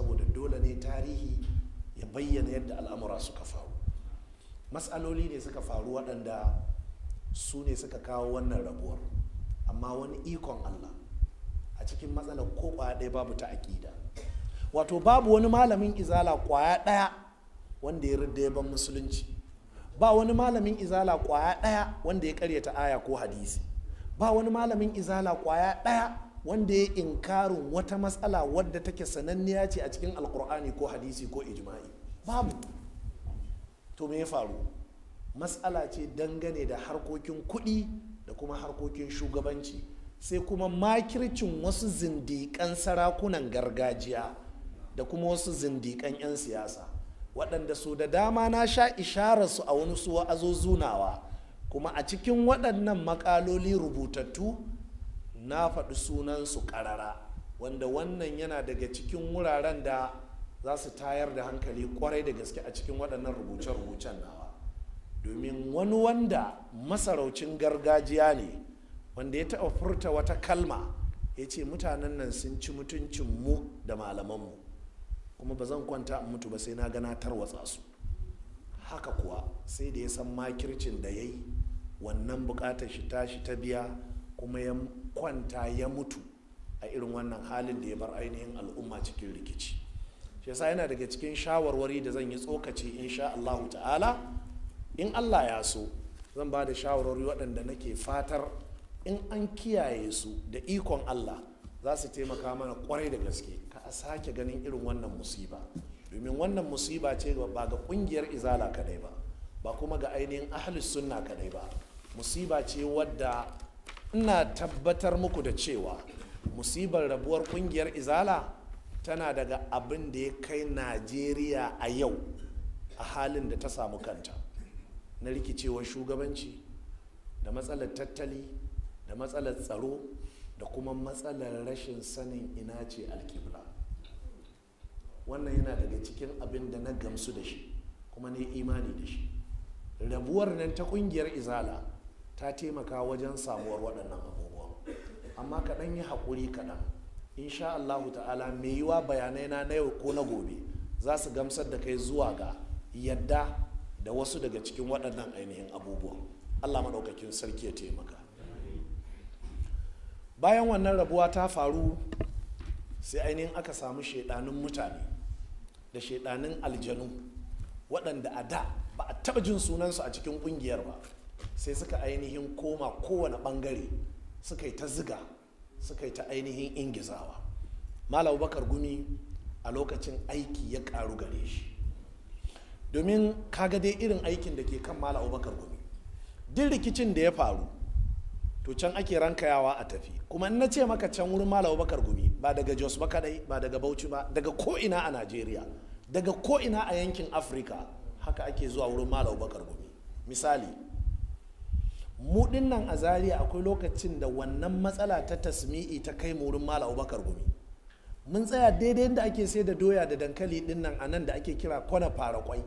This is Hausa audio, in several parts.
saboda dole ne tarihi ya bayyana yadda al'amura suka faru matsaloli ne suka faru waɗanda su ne suka kawo wannan rabuwar amma wani ikon allah a cikin matsalar ko kwaya ɗaya babu ta aƙida wato babu wani malamin izala kwaya ɗaya wanda ya ban musulunci ba wani malamin izala kwaya ɗaya wanda ya karyata aya ko hadisi ba wani malamin izala kwaya ɗaya wanda ya inkarin wata matsala wadda take sananniya ce a cikin alkur'ani ko hadisi ko ijma'i babu to me ya faru matsala ce dangane da harkokin kuɗi da kuma harkokin shugabanci sai kuma makircin wasu zindikan sarakunan gargajiya da kuma wasu zindikan 'yan siyasa waɗanda su da dama na sha ishararsu a wani su wa'azo kuma a cikin waɗannan makaloli rubutattu na faɗi sunan su ƙarara wanda wannan yana daga cikin wuraren da za su tayar da hankali kwarai da gaske a cikin waɗannan rubuce-rubucen nawa domin wani wanda masaraucin gargajiya ne wanda ya taɓa furta wata kalma ya ce mutanen nan sun ci mutuncinmu da malamanmu kuma ba zan kwanta a mutu ba sai na gana tarwatsa su haka kuwa sai da ya san makircin da ya yi wannan bukatar shi tashi ta biya kuma ya kwanta ya mutu a irin wannan halin da ya bar ainihin al'umma cikin rikici shi yasa yana daga cikin shawarwari da zan yi tsokaci insha Allahu ta'ala in Allah ya so zan ba da shawarwari waɗanda nake fatar in an kiyaye su da ikon Allah za su taimaka mana kwarai da gaske ka a sake ganin irin wannan musiba domin wannan musiba ce ba ga kungiyar izala kadai ba ba kuma ga ainihin ahlus sunna kadai ba musiba ce wadda ina tabbatar muku da cewa musibar rabuwar kungiyar izala tana daga abin da ya kai najeriya a yau a halin da ta samu kanta na rikicewar shugabanci da matsalar tattali da matsalar tsaro da kuma matsalar rashin sanin ina ce alkibla wannan yana daga cikin abin da na gamsu da shi kuma ne imani da shi rabuwar nan ta kungiyar izala ta taimaka wajen samuwar waɗannan abubuwa amma kaɗan yi haƙuri kaɗan insha Allahu ta'ala mai yiwa bayanai na na yau ko na gobe za su gamsar da kai zuwa ga yadda da wasu daga cikin waɗannan ainihin abubuwan Allah maɗaukakin sarki ya taimaka bayan wannan rabuwa ta faru sai ainihin aka samu shaidanin mutane da shaidanin aljanu waɗanda a da ba a taɓa jin sunansu a cikin ƙungiyar ba sai suka ainihin koma kowane bangare suka yi ta ziga suka yi ta ainihin ingizawa malam bakar gumi a lokacin aiki ya karu gare shi domin kaga dai irin aikin da ke kan malam bakar gumi duk rikicin da ya faru to can ake rankayawa a tafi kuma in na ce maka can wurin malam bakar gumi ba daga jos ba kadai ba daga bauchi ba daga ko'ina a najeriya daga ko'ina a yankin afirka haka ake zuwa wurin malam bakar gumi misali mu dinnan a Zariya akwai lokacin da wannan matsala ta tasmi'i ta kai mu wurin mala abubakar gumi mun tsaya daidai da ake sai da doya da dankali dinnan a nan da ake kira kwana fara kwai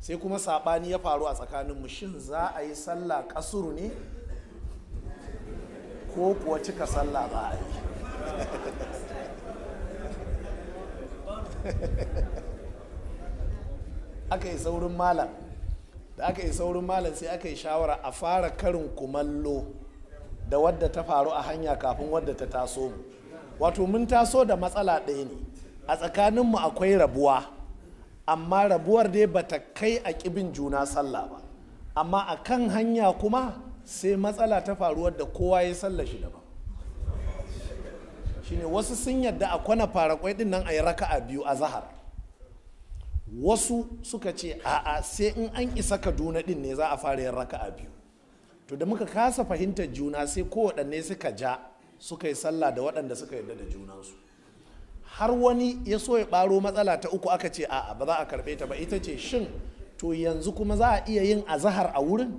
sai kuma sabani ya faru a tsakaninmu shin za a yi sallah kasuru ne ko kuwa cika sallah za a yi aka yi saurin malam da aka yi saurin malam sai aka yi shawara a fara karin kumallo da wadda ta faru a hanya kafin wadda ta taso mu wato mun taso da matsala ɗaya ne a tsakaninmu akwai rabuwa amma rabuwar dai ba ta kai a ƙibin juna sallah ba amma a kan hanya kuma sai matsala ta faru wadda kowa ya sallah shi daban shine wasu sun yadda a kwana fara kwai din a yi raka'a biyu a zahar wasu suka ce a'a sai in an isa kaduna din ne za a fara yin raka'a biyu to da muka kasa fahimtar juna sai kowaɗanne suka ja suka yi sallah da waɗanda suka yarda da junansu har wani ya so ya ɓaro matsala ta uku aka ce a'a ba za a karɓe ta ba ita ce shin to yanzu kuma za a iya yin azahar a wurin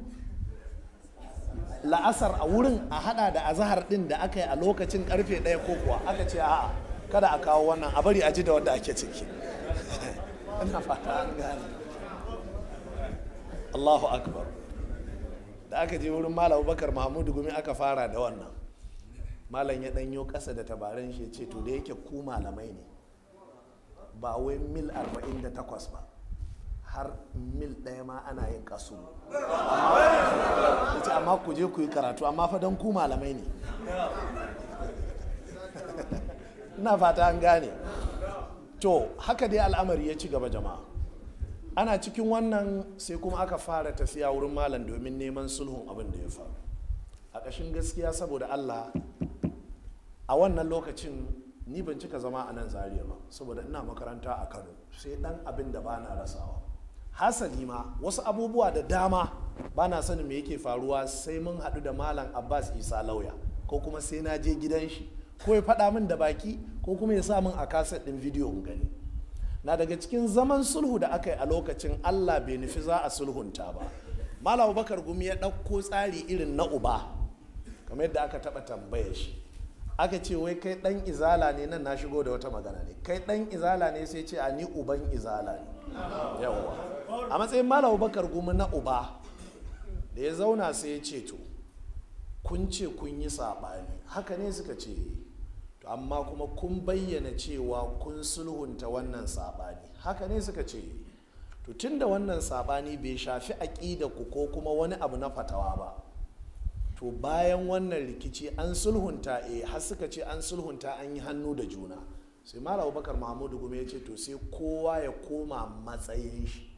la'asar a wurin a hada da azahar ɗin da aka yi a lokacin karfe ɗaya ko kuwa aka ce a'a kada a kawo wannan a bari a ji da wanda ake ciki fata an gane Allahu akbar da aka je wurin malam Bakar mahamudu gumi aka fara da wannan malam ya danyo kasa da tabarin shi ce to da yake ku malamai ne ba wai mil 48 ba har mil ɗaya ma ana yin kasu ce amma ku je ku yi karatu amma fa don ku malamai ne ina fata an gane to haka dai al'amari ya ci gaba jama'a ana cikin wannan sai kuma aka fara tafiya wurin malam domin neman sulhun abin da ya faru a ƙashin gaskiya saboda allah a wannan lokacin ni ban cika zama a nan zariya ba saboda ina makaranta a kano sai dan abin da ba na rasawa hasali ma wasu abubuwa da dama ba na sanin me yake faruwa sai mun haɗu da malam abbas isa lauya ko kuma sai na je gidan shi ko ya faɗa min da baki ko kuma ya sa min a kaset ɗin bidiyo in gani na daga cikin zaman sulhu da aka yi a lokacin allah bai nufi za a sulhunta ba malam bakar gumi ya ɗauko tsari irin na uba kamar yadda aka taɓa tambaya shi aka ce wai kai ɗan izala ne nan na shigo da wata magana ne kai ɗan izala ne sai ce a ni uban izala ne yawwa a matsayin malam bakar gumi na uba da ya zauna sai ya ce to kun ce kun yi saɓani haka ne suka ce eh. amma kuma kun bayyana cewa kun sulhunta wannan saɓani haka ne suka ce to tunda wannan saɓani bai shafi ku ko kuma wani abu na fatawa ba to bayan wannan rikici an sulhunta e har suka ce an sulhunta an yi hannu da juna sai mala abubakar mahmudu gume ya ce to sai kowa ya koma matsayin shi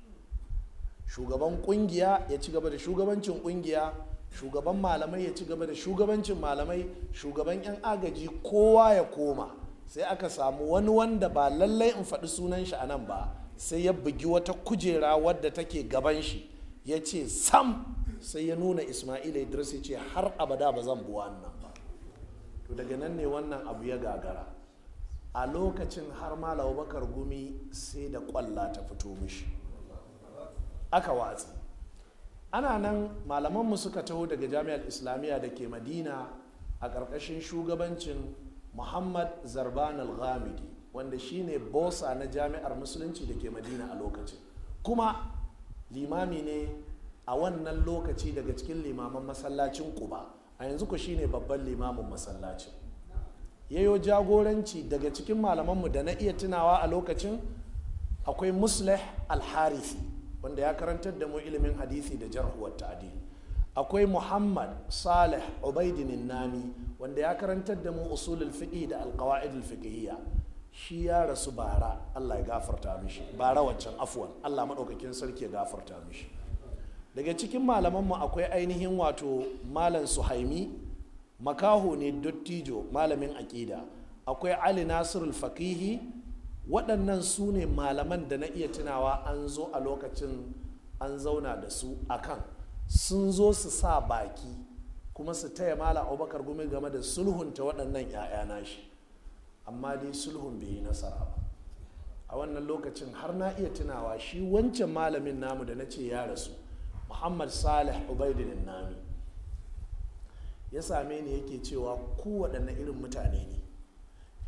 shugaban kungiya ya ci gaba da shugabancin kungiya shugaban malamai ya ci gaba da shugabancin malamai shugaban 'yan agaji kowa ya koma sai aka samu wani wanda ba lallai in faɗi sunan shi a nan ba sai ya bugi wata kujera wadda take gaban shi ya ce sam sai ya nuna isma'il idris ya ce har abada ba zan bi nan ba to daga nan ne wannan abu ya gagara a lokacin har malam gumi sai da kwalla ta fito mishi aka watsi ana nan malamanmu suka taho daga jami'ar islamiyya da ke madina a ƙarƙashin shugabancin muhammad zarban al-ghamidi wanda shine bosa na jami'ar musulunci da ke madina a lokacin kuma limami ne a wannan lokaci daga cikin limaman masallacin kuba a yanzu ku shine babban limamin masallacin yayo jagoranci daga cikin malamanmu da na iya tunawa a lokacin akwai muslih al wanda ya karantar da mu ilimin hadisi da jarhuwar wa akwai muhammad salih ubaidin nami wanda ya karantar da mu usulul fiqh da alqawaid al shi ya rasu bara Allah ya gafarta mishi bara waccan afwan Allah madaukakin sarki ya gafarta mishi daga cikin malaman mu akwai ainihin wato malam suhaimi makaho ne dottijo malamin aƙida, akwai ali nasirul faqihi waɗannan su ne malaman da na iya tunawa an zo a lokacin an zauna da su akan sun zo su sa baki kuma su taya mala abubakar gumi game da sulhunta waɗannan 'ya'ya nashi amma dai sulhun bai yi nasara ba a wannan lokacin har na iya tunawa shi wancan malamin namu da na ce ya rasu muhammad salih ubaidinin nami ya same ni yake cewa ku waɗanne irin mutane ne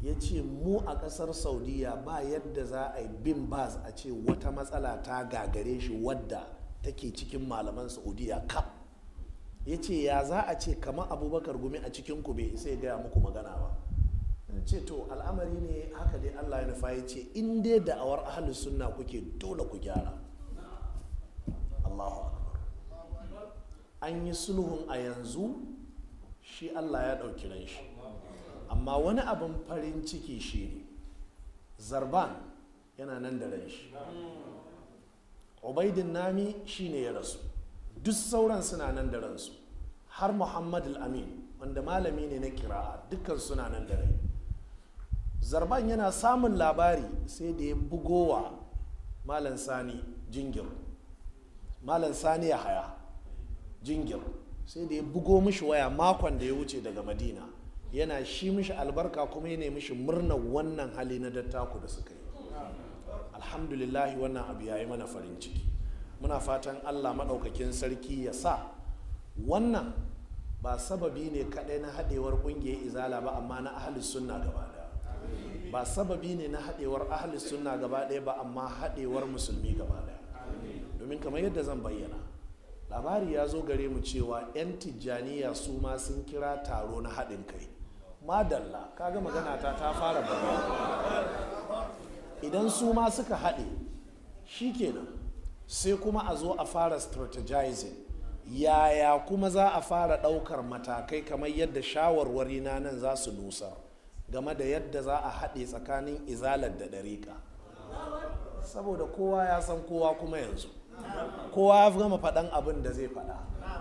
ya ce mu a ƙasar saudiya ba yadda za a yi bin bas a ce wata matsala ta gagare shi wadda take cikin malaman saudiya kaf ya ce ya za a ce kama abubakar gumi a cikin ku bai sai gaya muku magana ba ce to al'amari ne haka dai allah ya nufa ya ce in dai da'awar ahalus sunna kuke dole ku gyara allahu an yi sulhun a yanzu shi allah ya ɗauki ran shi amma wani abin farin ciki shi ne. zarban yana nan da ran shi obaidin nami ne ya rasu duk sauran suna nan da ransu har muhammad al-amin wanda malami ne na kira'a dukkan suna nan da rai zarban yana samun labari sai da ya bugowa malan sani jingir malan sani ya haya jingir sai da ya bugo mishi waya makon da ya wuce daga madina yana shi mishi albarka kuma ya nemi shi murnar wannan hali na dattaku da suka yi alhamdulillahi wannan abu ya mana farin ciki muna fatan allah maɗaukakin sarki ya sa wannan ba sababi ne kaɗai na haɗewar ƙungiyar izala ba amma na ahli sunna gaba ba sababi ne na haɗewar ahli sunna gaba ɗaya ba amma haɗewar musulmi gaba ɗaya domin kamar yadda zan bayyana labari ya zo gare mu cewa 'yan tijjaniya su ma sun kira taro na haɗin kai madalla kaga magana ta ta fara bana idan su ma suka haɗe shi kenan sai kuma a zo a fara strategizing yaya kuma za a fara ɗaukar matakai kamar yadda shawarwari na nan za su nusa game da yadda za a haɗe tsakanin izalar da ɗariƙa saboda kowa ya san kowa kuma yanzu kowa ya gama faɗan abin da zai faɗa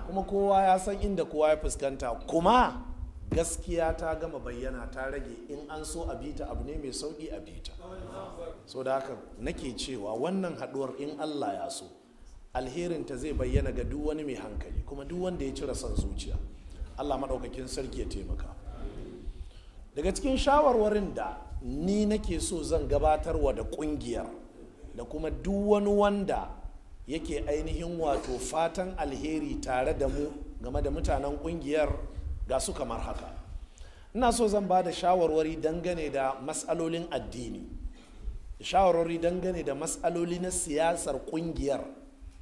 kuma kowa ya san inda kowa ya fuskanta kuma gaskiya ta gama bayyana ta rage in an so a bita abu ne mai sauƙi a bita so da haka nake cewa wannan haɗuwar in allah ya so alherinta zai bayyana ga duk wani mai hankali kuma duk wanda ya cire son zuciya allah maɗaukakin sarki ya taimaka daga cikin shawarwarin da ni nake so zan gabatar wa da ƙungiyar da kuma duk wani wanda yake ainihin wato fatan alheri tare da mu game da mutanen ƙungiyar ga su kamar haka ina so zan ba da shawarwari dangane da matsalolin addini shawarwari dangane da matsaloli na siyasar kungiyar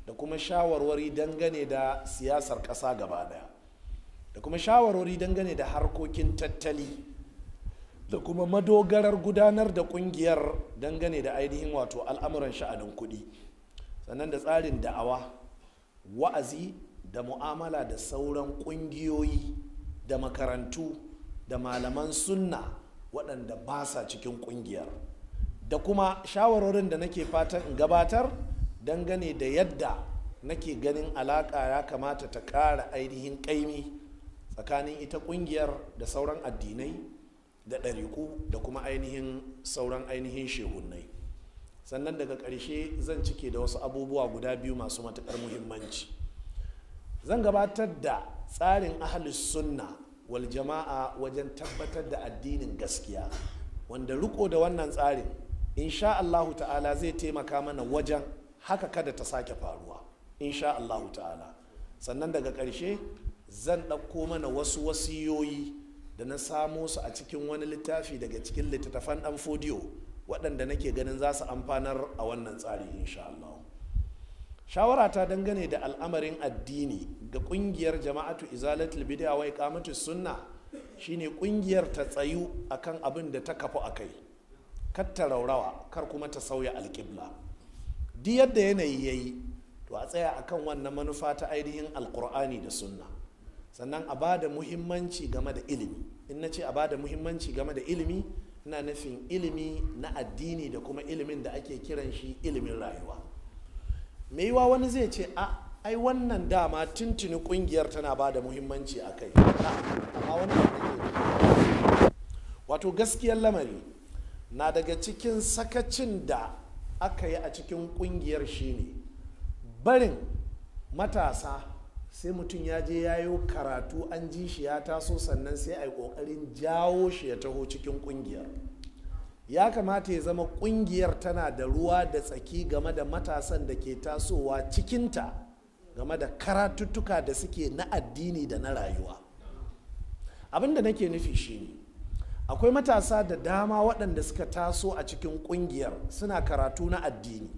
da kuma shawarwari dangane da siyasar ƙasa gaba daya da kuma shawarwari dangane da harkokin tattali da kuma madogarar gudanar da kungiyar dangane da ainihin wato al'amuran sha'anin kuɗi sannan da tsarin da'awa wa'azi da mu'amala da sauran ƙungiyoyi da makarantu da malaman sunna waɗanda ba sa cikin ƙungiyar da kuma shawarorin da nake fatan in gabatar gane da yadda nake ganin alaƙa ya kamata ta ƙara ainihin ƙaimi tsakanin ita ƙungiyar da sauran addinai da ɗariƙu da kuma ainihin sauran ainihin shehunnai sannan daga ƙarshe zan cike da wasu abubuwa guda biyu masu matuƙar muhimmanci zan gabatar da tsarin ahalus sunna wal jama'a wajen tabbatar da addinin gaskiya wanda riko da wannan tsarin insha Allahu ta'ala zai taimaka mana wajen haka kada ta sake faruwa insha Allahu ta'ala sannan daga ƙarshe zan ɗauko mana wasu wasiyoyi da na samo su a cikin wani littafi daga cikin littattafan ɗan fodiyo waɗanda nake ganin za su amfanar a wannan tsari insha allahu shawara ta dangane da al'amarin addini ga kungiyar jama'atu izalat bid'a wa iqamatus sunna shine kungiyar ta tsayu akan abin da ta kafu akai kar ta raurawa kar kuma ta sauya alƙibla duk yadda yanayi yayi to a tsaya akan wannan manufa ta ainihin alqur'ani da sunna sannan a bada muhimmanci game da ilimi in na ce a bada muhimmanci game da ilimi ina nufin ilimi na addini da kuma ilimin da ake kiran shi ilimin rayuwa mai yiwa wani zai ce a ai wannan dama tuntuni kungiyar tana ba da muhimmanci a kai amma wani wato gaskiyar lamari na daga cikin sakacin da aka yi a cikin kungiyar shine barin matasa sai mutum ya je ya yi karatu an ji shi ya taso sannan sai a yi kokarin jawo shi ya taho cikin kungiyar ya kamata ya zama kungiyar tana da ruwa da tsaki game da matasan da ke tasowa cikinta game da karatuttuka da suke na addini da na rayuwa abin da nake nufi shine akwai matasa da dama waɗanda suka taso a cikin ƙungiyar suna karatu na addini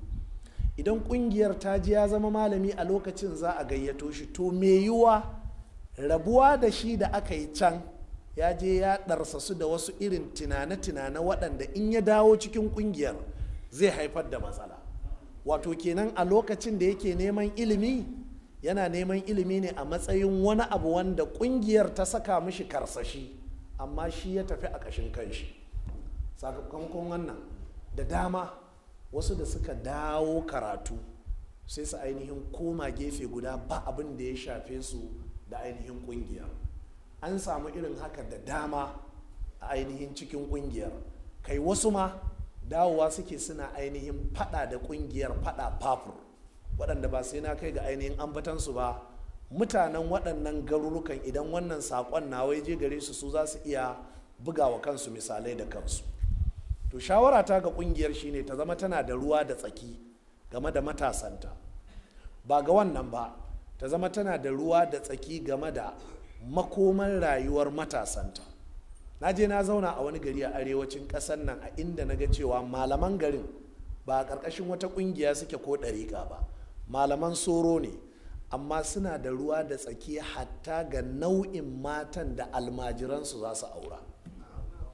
idan ƙungiyar ta ji ya zama malami a lokacin za a gayyato shi to me yiwa rabuwa da shi da aka yi can ya je ya ɗarsa su da wasu irin tunane-tunane waɗanda in ya dawo cikin ƙungiyar zai haifar da matsala wato kenan a lokacin da yake neman ilimi yana neman ilimi ne a matsayin wani abu wanda ƙungiyar ta saka mishi karsashi amma shi ya tafi a ƙashin kanshi sakamakon wannan da dama wasu da suka dawo karatu sai su ainihin koma gefe guda ba abin da ya shafe su da ainihin ƙungiyar an samu irin haka da dama a ainihin cikin kungiyar kai wasu ma dawowa suke suna ainihin fada da kungiyar fada fafur waɗanda ba sai na kai ga ainihin ambatansu ba mutanen waɗannan garurukan idan wannan saƙon na je gare su su za su iya bugawa kansu misalai da kansu to shawara ta ga kungiyar shine ta zama tana da ruwa da tsaki game da matasanta ba ga wannan ba ta zama tana da ruwa da tsaki game da makoman rayuwar matasanta na je na zauna a wani gari a arewacin ƙasar nan a inda na ga cewa malaman garin ba a ƙarƙashin wata ƙungiya suke ko ɗariƙa ba malaman soro ne amma suna da ruwa da tsaki hatta ga nau'in matan da almajiransu za su aura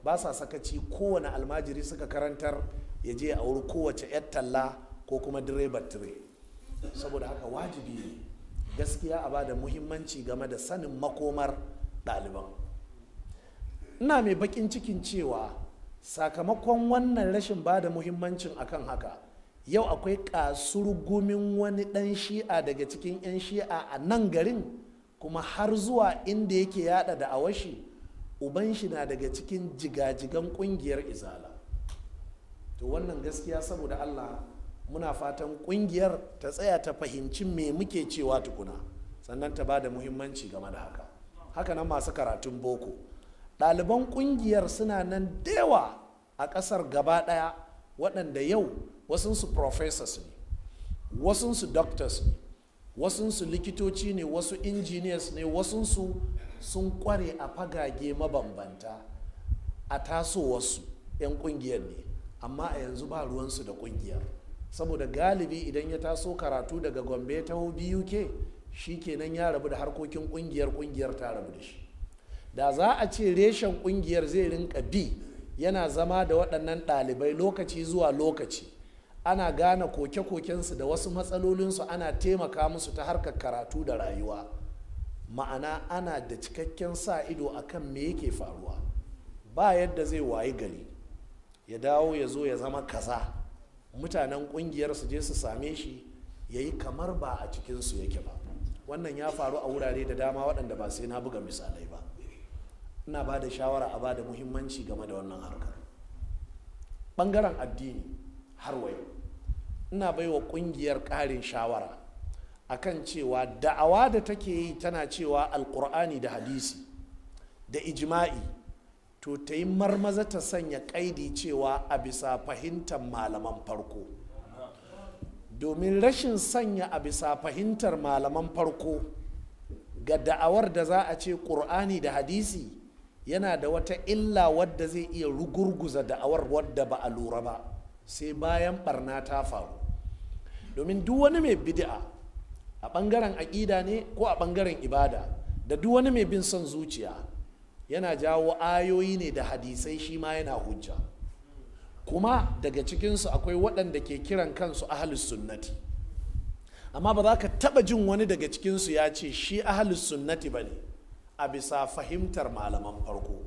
ba sa sakaci kowane almajiri suka karantar ya je a wuri kowace 'yar talla ko kuma direbar tire saboda haka wajibi ne gaskiya a bada muhimmanci game da sanin makomar ɗaliban ina mai bakin cikin cewa sakamakon wannan rashin ba da muhimmancin akan haka yau akwai kasurgumin wani ɗan shi'a daga cikin 'yan shi'a a nan garin kuma har zuwa inda yake yada da awashi uban shi na daga cikin jigajigan ƙungiyar izala to wannan gaskiya saboda allah muna fatan kungiyar ta tsaya ta fahimci me muke cewa tukuna sannan ta bada muhimmanci game da haka haka nan masu karatun boko ɗaliban kungiyar suna nan dewa a ƙasar gaba ɗaya waɗanda yau wasunsu professors ne wasunsu doctors ne wasunsu likitoci ne wasu engineers ne wasunsu sun kware a fagage mabambanta a tasowarsu 'yan kungiyar ne amma a yanzu ba ruwansu da kungiyar saboda galibi idan ya taso karatu daga gombe ta taho buk shi kenan ya rabu da harkokin kungiyar kungiyar ta rabu da shi da za a ce reshen kungiyar zai rinka bi yana zama da waɗannan ɗalibai lokaci zuwa lokaci ana gane koke-kokensu da wasu matsalolinsu ana taimaka musu ta harkar karatu da rayuwa ma'ana ana da cikakken sa ido akan me yake faruwa ba yadda zai wayi gari ya dawo ya zo ya zama kaza mutanen kungiyar su je su same shi ya yi kamar ba a cikinsu yake ba wannan ya faru a wurare da dama waɗanda ba sai na buga misalai ba ina ba da shawara a ba da muhimmanci game da wannan harkar ɓangaren addini har wayo ina bai wa ƙungiyar ƙarin shawara a kan cewa da'awa da take yi tana cewa alƙur'ani da hadisi da ijima'i. to ta yi marmaza ta sanya kaidi cewa a bisa fahimtar malaman farko domin rashin sanya a bisa fahimtar malaman farko ga da'awar da za a ce ƙur'ani da hadisi yana da wata illa wadda zai iya rugurguza da'awar wadda ba a lura ba sai bayan barna ta faru domin duk wani mai bid'a a ɓangaren aƙida ne ko a ɓangaren ibada da duk wani mai bin son zuciya yana jawo ayoyi ne da hadisai shi ma yana hujja kuma daga cikinsu akwai waɗanda ke kiran kansu ahalus sunnati amma ba za ka taɓa jin wani daga cikinsu ya ce shi ahalus sunnati ba ne a bisa fahimtar malaman farko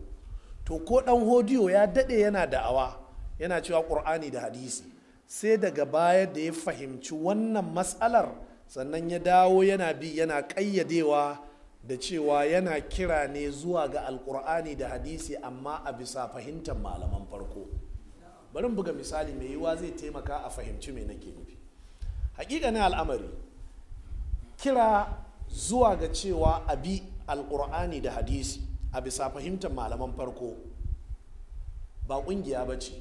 to ko ɗan hodiyo ya daɗe yana da'awa yana cewa ƙur'ani da hadisi sai daga baya da ya fahimci wannan matsalar sannan ya dawo yana bi yana ƙayyadewa da cewa yana kira ne zuwa ga alkur'ani da hadisi amma a bisa fahimtar malaman farko bari buga misali mai yiwuwa zai taimaka a fahimci me nake nufi hakikanin al'amari kira zuwa ga cewa a bi alkur'ani da hadisi a bisa fahimtar malaman farko ba kungiya ba ce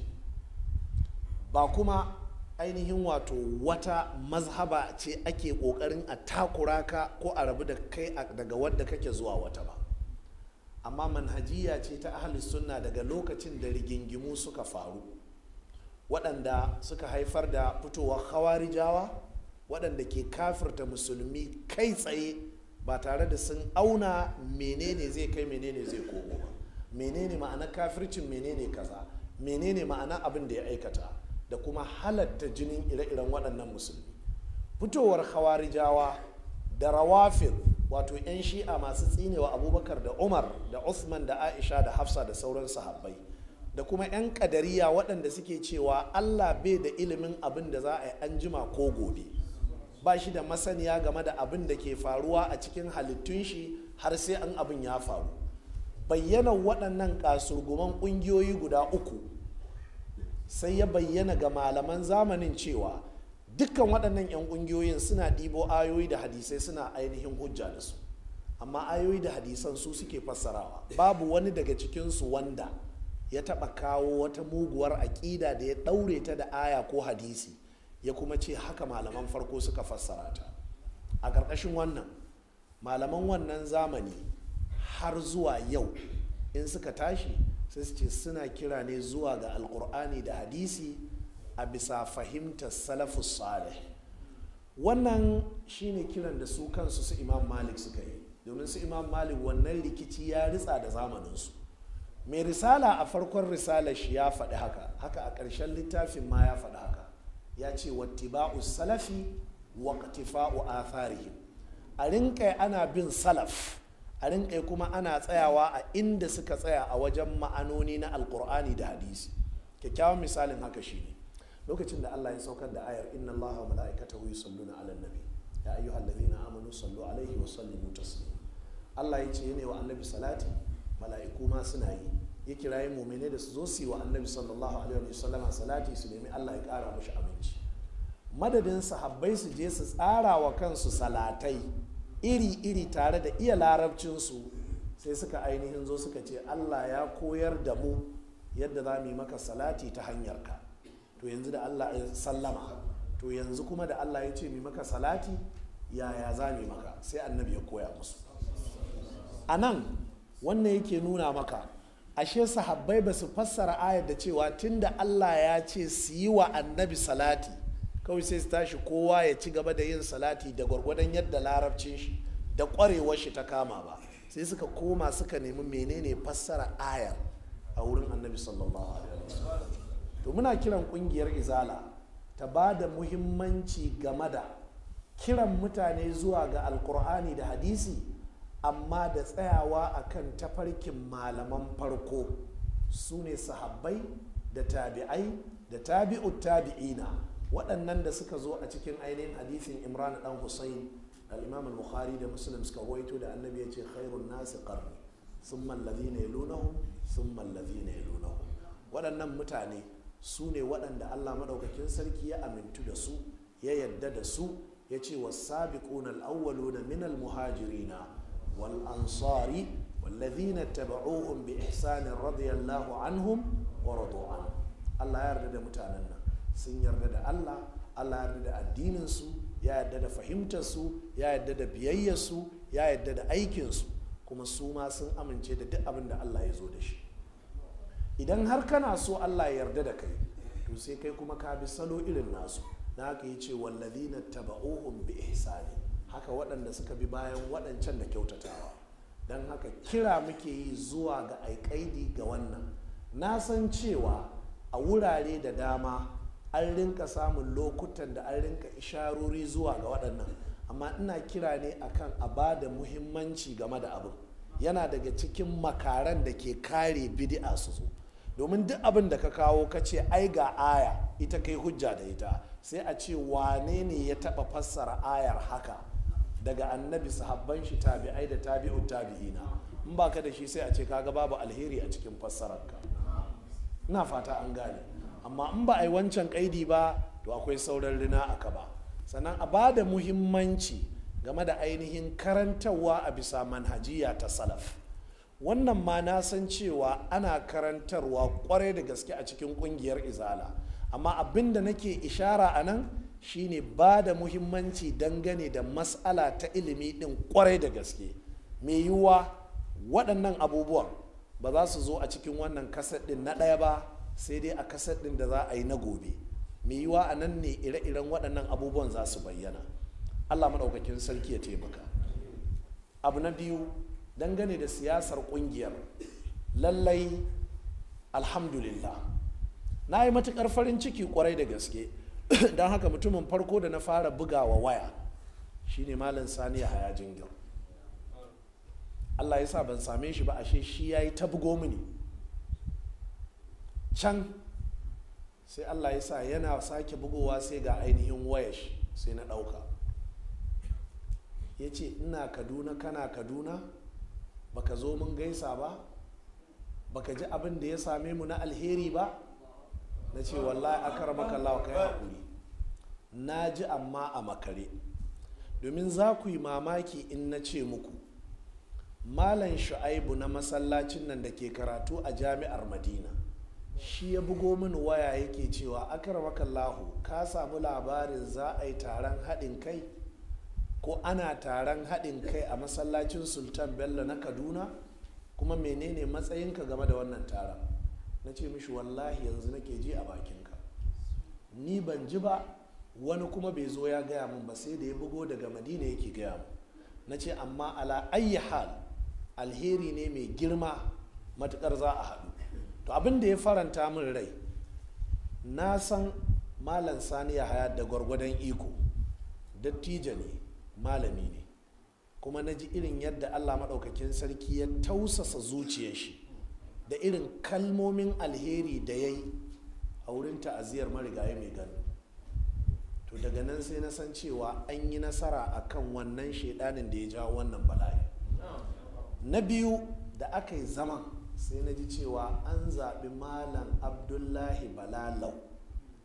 ba kuma ainihin wato wata mazhaba ce ake ƙoƙarin a takura ka ko a rabu da kai daga wadda kake zuwa wata ba amma manhajiya ce ta ahalus sunna daga lokacin da rigingimu suka faru waɗanda suka haifar da fitowar jawa waɗanda ke kafirta musulmi kai tsaye ba tare da sun auna menene zai kai menene zai komo ba menene ma'ana kafircin menene kaza menene ma'ana abin da ya aikata da kuma halatta jinin ire-iren waɗannan musulmi fitowar hawarijawa da rawafil wato 'yan shi'a masu tsinewa abubakar da umar da usman da aisha da hafsa da sauran sahabbai da kuma 'yan kadariya waɗanda suke cewa allah bai da ilimin abin da za a yi an jima ko gobe ba shi da masaniya game da abin da ke faruwa a cikin halittun shi har sai an abin ya faru Bayyana waɗannan kasurguman ƙungiyoyi guda uku sai ya bayyana ga malaman zamanin cewa dukkan waɗannan 'yan ƙungiyoyin suna ɗibo ayoyi da hadisai suna ainihin hujja da su amma ayoyi da hadisan su suke fassarawa babu wani daga cikinsu wanda ya taɓa kawo wata muguwar aƙida da ya ɗaure ta da aya ko hadisi ya kuma ce haka malaman farko suka fassara ta a ƙarƙashin wannan malaman wannan zamani har zuwa yau in suka tashi sai ce suna kira ne zuwa ga alkur'ani da hadisi a bisa fahimtar salafus salih wannan shine kiran da su kansu su imam malik suka yi domin su imam malik wannan rikici ya ritsa da zamaninsu mai risala a farkon risalar shi ya faɗi haka haka a ƙarshen littafin ma ya faɗi haka ya ce wattiba'u salafi wa qtifa'u atharihim a rinka ana bin salaf a rinka kuma ana tsayawa a inda suka tsaya a wajen ma'anoni na alkur'ani da hadisi kyakkyawan misalin haka shi ne. lokacin da Allah ya saukar da ayar inna Allah wa mala'ikatahu na alal nabi ya na amanu sallu alaihi wa sallimu taslima Allah ya ce ne wa annabi salati mala'iku ma suna yi ya yi mu'mine da su zo su yi wa annabi sallallahu alaihi wa sallama salati su nemi Allah ya kara mashi abinci. madadin sahabbai su je su tsara wa kansu salatai iri-iri tare da iya larabcinsu sai suka ainihin zo suka ce allah ya koyar da mu yadda za mu yi maka salati ta hanyarka to yanzu da allah ya sallama to yanzu kuma da allah ya ce mu maka salati yaya za mu maka sai annabi ya koya musu a nan wannan yake nuna maka ashe sahabbai ba su fassara ayar da cewa tunda allah ya ce su yi wa annabi salati kawai sai su tashi kowa ya ci gaba da yin salati da gwargwadon yadda larabcin shi da kwarewar shi ta kama ba sai suka koma suka nemi menene fassara ayar a wurin annabi sallallahu alaihi to muna kiran kungiyar izala ta ba da muhimmanci game da kiran mutane zuwa ga alkur'ani da hadisi amma da tsayawa akan tafarkin malaman farko su ne sahabbai da tabi'ai da tabi'ut tabi'ina waɗannan da suka zo a cikin ainihin hadisin imran dan husayn al-imam al-bukhari da muslim suka waito da annabi ya ce khairun nasi qarni thumma alladhina yalunahum thumma alladhina yalunahum waɗannan mutane su ne waɗanda Allah madaukakin sarki ya amintu da su ya yadda da su ya ce wasabiquna al-awwaluna min al-muhajirina wal ansari والذين اتبعوهم بإحسان رضي الله عنهم Allah ya yarda da mutanen. sun yarda da allah allah yarda da addininsu ya yarda da fahimtarsu ya yarda da biyayyarsu ya yarda da aikinsu kuma su ma sun amince da duk abin da allah ya zo da shi idan har kana so allah ya yarda da kai to sai kai kuma ka bi salo irin nasu na ka yi ce wallazina taba'uhum bi ihsani haka waɗanda suka bi bayan waɗancan da kyautatawa don haka kira muke yi zuwa ga aikaidi ga wannan na san cewa a wurare da dama an rinka samun lokutan da an rinka isharori zuwa ga waɗannan amma ina kira ne akan a ba da muhimmanci game da abin yana daga cikin makaran da ke kare bidi'a su zo domin duk abin da ka kawo ka ce ai ga aya ita kai hujja da ita sai a ce wane ne ya taɓa fassara ayar haka daga annabi sahabban shi tabi'ai da tabi'ut tabi'ina in baka da shi sai a ce kaga babu alheri a cikin fassararka ina fata an gane amma in ba a yi wancan kaidi ba to akwai sauran rina a ba. sannan a ba da muhimmanci game da ainihin karantarwa a bisa manhajiya ta salaf wannan ma na san cewa ana karantarwa kwarai da gaske a cikin kungiyar izala amma abin da nake ishara a nan shine ba da muhimmanci dangane da matsala ta ilimi din kwarai da gaske mai yiwuwa waɗannan abubuwan ba za su zo a cikin wannan kasar din na ɗaya ba sai dai a kasar ɗin da za a yi na gobe mai yiwa a nan ne ire-iren waɗannan abubuwan za su bayyana allah maɗaukakin sarki ya taimaka abu na biyu dangane da siyasar ƙungiyar lallai alhamdulillah na yi matuƙar farin ciki ƙwarai da gaske don haka mutumin farko da na fara bugawa waya shine malam sani haya jingir allah ya sa ban same shi ba ashe shi ya yi ta bugo mini can sai allah ya sa yana sake bugowa sai ga ainihin wayash sai na ɗauka ya ce ina kaduna kana kaduna baka zo mun gaisa ba baka ji abin da ya same mu na alheri ba na ce wallahi aka maka lawa kai haƙuri na ji amma a makare domin za ku yi mamaki in na ce muku malam shu'aibu na masallacin nan da ke karatu a jami'ar madina shi ya bugo min waya yake cewa akarmakallahu ka samu labarin za a yi taron haɗin kai ko ana taron haɗin kai a masallacin sultan bello na kaduna kuma menene matsayinka game da wannan taron na ce mishi wallahi yanzu nake ji a bakinka ni ban ji ba wani kuma bai zo ya gaya min ba sai da ya bugo daga madina yake gaya min na ce amma ala ayyahal alheri ne mai girma matukar za a haɗu abin da ya faranta min rai na san malam sani ya haya da gwargwadon iko dattijo ne malami ne kuma na ji irin yadda allah maɗaukakin sarki ya tausasa zuciyar shi da irin kalmomin alheri da ya yi a wurin ta'aziyar marigayi mai gano to daga nan sai na san cewa an yi nasara a kan wannan shaidanin da ya jawo wannan bala'i na biyu da aka yi zaman sai na ji cewa an zaɓi malam abdullahi balalau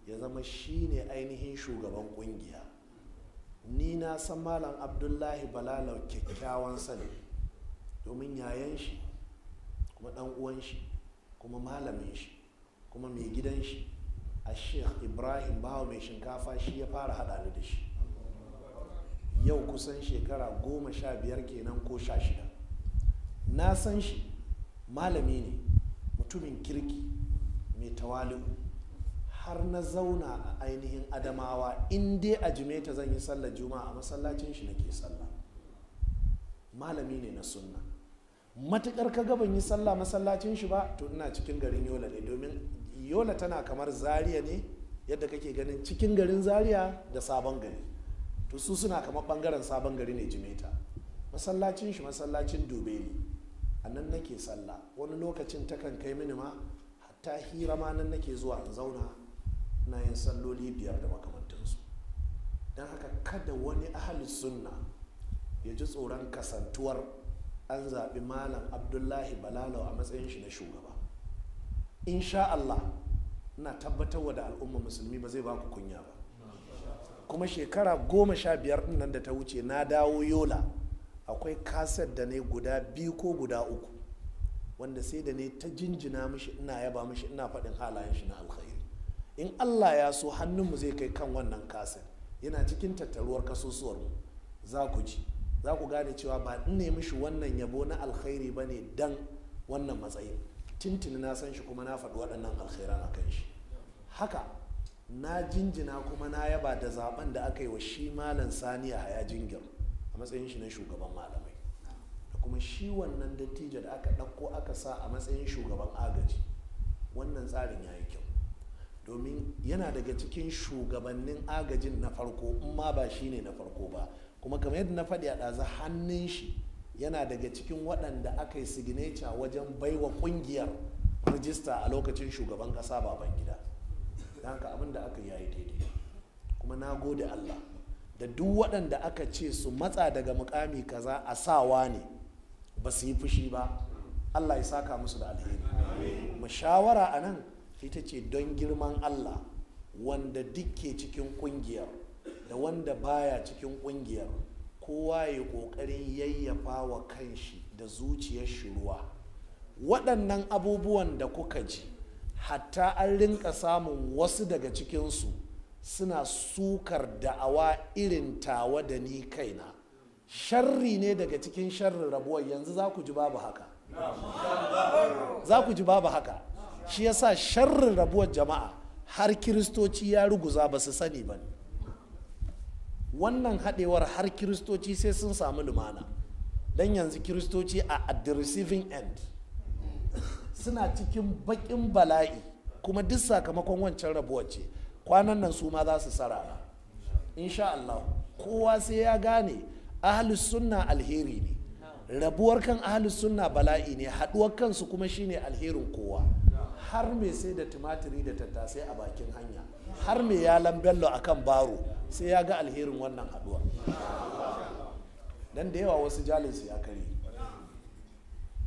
ya zama shine ainihin shugaban ƙungiya ni na san malam abdullahi balalau kyakkyawan sani domin yayan shi kuma ɗan uwan shi kuma malamin shi kuma mai gidan shi a sheikh ibrahim bawa mai shinkafa shi ya fara haɗa ni da shi yau kusan shekara goma sha biyar kenan ko sha shida na san shi malami ne mutumin kirki mai tawali'u har na zauna a ainihin adamawa in dai a jimeta zan yi sallar juma'a a masallacin shi nake sallah malami ne na sunna matukar ka gaban yi sallah masallacin shi ba to ina cikin garin yola ne domin yola tana kamar zaria ne yadda kake ganin cikin garin zaria da sabon gari to su suna kamar bangaren sabon gari ne jimeta masallacin shi masallacin ne. a nan nake sallah wani lokacin takan kai mini ma hatta hira ma nan nake zuwa in zauna na yin salloli biyar da makamantansu don haka kada wani ahli sunna ya ji tsoron kasantuwar an zaɓi malam abdullahi balalau a matsayin shi na shugaba insha allah na wa da al'umma musulmi ba zai ba ku kunya ba kuma shekara goma sha biyar nan da ta wuce na dawo yola akwai kaset da ne guda biyu ko guda uku wanda sai da ne ta jinjina mishi ina yaba mishi ina faɗin halayen shi na alkhairi in allah ya so hannunmu zai kai kan wannan kaset yana cikin tattaruwar kasusuwar mu za ku ji za ku gane cewa ba in ne mishi wannan yabo na alkhairi ba ne dan wannan matsayin tintini na san shi kuma na faɗi waɗannan alkhairan a kan shi haka na jinjina kuma na yaba da zaben da aka yi wa shi malam saniya a ya matsayin shi na shugaban malamai da kuma shi wannan dattijo da aka ɗauko aka sa a matsayin shugaban agaji wannan tsarin ya yi kyau domin yana daga cikin shugabannin agajin na farko in ma ba shi ne na farko ba kuma kamar yadda na faɗi a ɗazu hannun shi yana daga cikin waɗanda aka yi signature wajen baiwa ƙungiyar rajista a lokacin shugaban ƙasa baban gida don haka abin da aka yi ya yi daidai kuma na gode allah da duk waɗanda aka ce su matsa daga mukami kaza a sawa ne ba su yi fushi ba allah ya saka musu da alheri mashawara a nan ita ce don girman allah wanda dukke cikin kungiyar da wanda baya cikin kungiyar kowa ya ƙoƙarin yayyafa wa kanshi da zuciyar shi ruwa waɗannan abubuwan da kuka ji hatta an rinka samun wasu daga cikinsu suna sukar da'awa irin tawa da ni kaina sharri ne daga cikin sharrin rabuwar yanzu za ku ji babu haka za ku ji babu haka shi yasa sharrin rabuwar jama'a har kiristoci ya ruguza ba su sani ba wannan haɗewar har kiristoci sai sun samu lumana don yanzu kiristoci a at the receiving end suna cikin baƙin bala'i kuma duk sakamakon wancan rabuwar ce kwanan nan su ma za su sarara insha Allah kowa sai ya gane ahlus sunna alheri ne rabuwar kan ahlus sunna bala'i ne haɗuwar kansu kuma shine alherin kowa har me sai da tumatiri da tattasai a bakin hanya har me ya lambello kan baro sai ya ga alherin wannan haduwa dan da yawa wasu jalinsu ya kare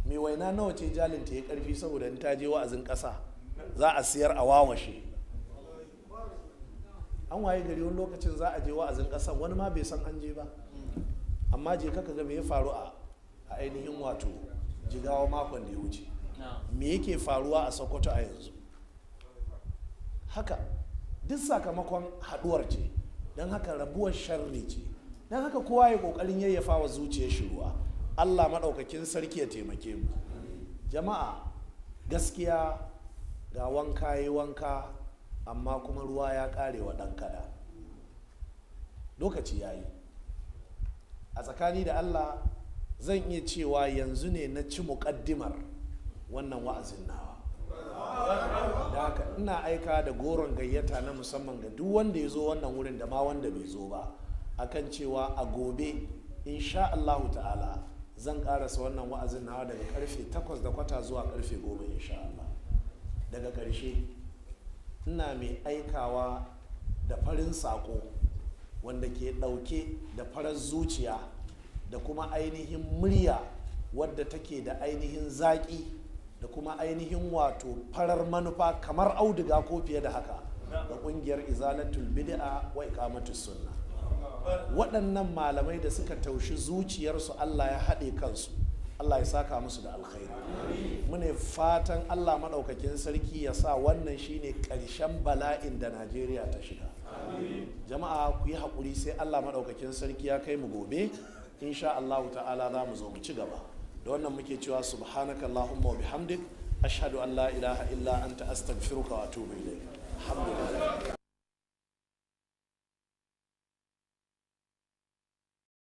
mai waina nawa ce jalinta ya karfi saboda in ta je wa'azin ƙasa za a siyar a wawashe an waye gari wani lokacin za a je wa'azin ƙasa wani ma bai san an je ba amma je ka ga me ya faru a ainihin wato jigawa makon da ya wuce me yake faruwa a sokoto a yanzu haka duk sakamakon haduwar ce don haka rabuwar sharri ce don haka kowa ya kokarin yayyafa wa zuciyar shi ruwa allah maɗaukakin sarki ya taimake mu jama'a gaskiya ga wanka ya wanka amma kuma ruwa ya kare wa ɗan kada lokaci ya yi a tsakani da allah zan iya cewa yanzu ne na ci muƙaddimar wannan wa'azin nawa da haka ina aika da goron gayyata na musamman ga duk wanda ya zo wannan wurin da ma wanda bai zo ba akan cewa a gobe insha Allahu ta'ala zan karasa wannan wa'azin nawa daga karfe 8 da kwata zuwa karfe 10 insha Allah daga karshe ina mai aikawa da farin saƙo wanda ke ɗauke da farar zuciya da kuma ainihin murya wadda take da ainihin zaƙi da kuma ainihin wato farar manufa kamar auduga ko fiye da haka ga ƙungiyar izalatul bid'a wa iqamatus sunna waɗannan malamai da suka taushi zuciyarsu Allah ya haɗe kansu Allah ya saka musu da alkhairi mune fatan Allah maɗaukakin sarki ya sa wannan shine ƙarshen bala'in da Najeriya ta shiga jama'a ku yi haƙuri sai Allah maɗaukakin sarki ya kai mu gobe insha Allah ta'ala za mu zo mu ci gaba da wannan muke cewa subhanaka Allahumma wa bihamdik ashhadu an la ilaha illa anta astaghfiruka wa atubu ilayk alhamdulillah